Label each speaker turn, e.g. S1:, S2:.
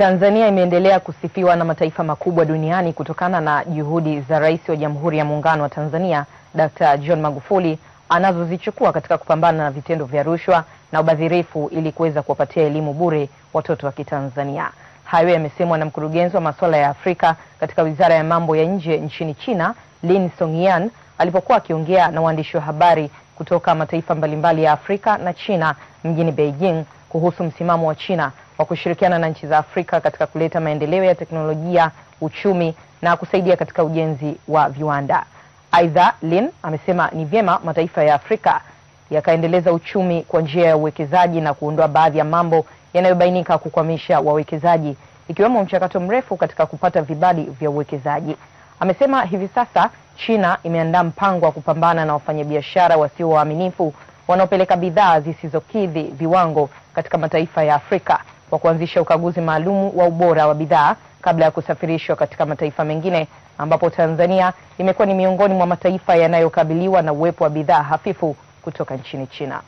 S1: Tanzania imeendelea kusifiwa na mataifa makubwa duniani kutokana na juhudi za Rais wa Jamhuri ya Muungano wa Tanzania Dr. John Magufuli anazozichukua katika kupambana na vitendo vya rushwa na ubadhirifu ili kuweza kuwapatia elimu bure watoto wa Kitanzania. Hayo yamesemwa na mkurugenzi wa masuala ya Afrika katika Wizara ya Mambo ya Nje nchini China, Lin Songyan alipokuwa akiongea na waandishi wa habari kutoka mataifa mbalimbali ya Afrika na China mjini Beijing kuhusu msimamo wa China wa kushirikiana na nchi za Afrika katika kuleta maendeleo ya teknolojia, uchumi na kusaidia katika ujenzi wa viwanda. Aidha, Lin amesema ni vyema mataifa ya Afrika yakaendeleza uchumi kwa njia ya uwekezaji na kuondoa baadhi ya mambo yanayobainika kukwamisha wawekezaji ikiwemo mchakato mrefu katika kupata vibali vya uwekezaji. Amesema hivi sasa China imeandaa mpango wa kupambana na wafanyabiashara wasio waaminifu wanaopeleka bidhaa zisizokidhi viwango katika mataifa ya Afrika kwa kuanzisha ukaguzi maalum wa ubora wa bidhaa kabla ya kusafirishwa katika mataifa mengine, ambapo Tanzania imekuwa ni miongoni mwa mataifa yanayokabiliwa na uwepo wa bidhaa hafifu kutoka nchini China.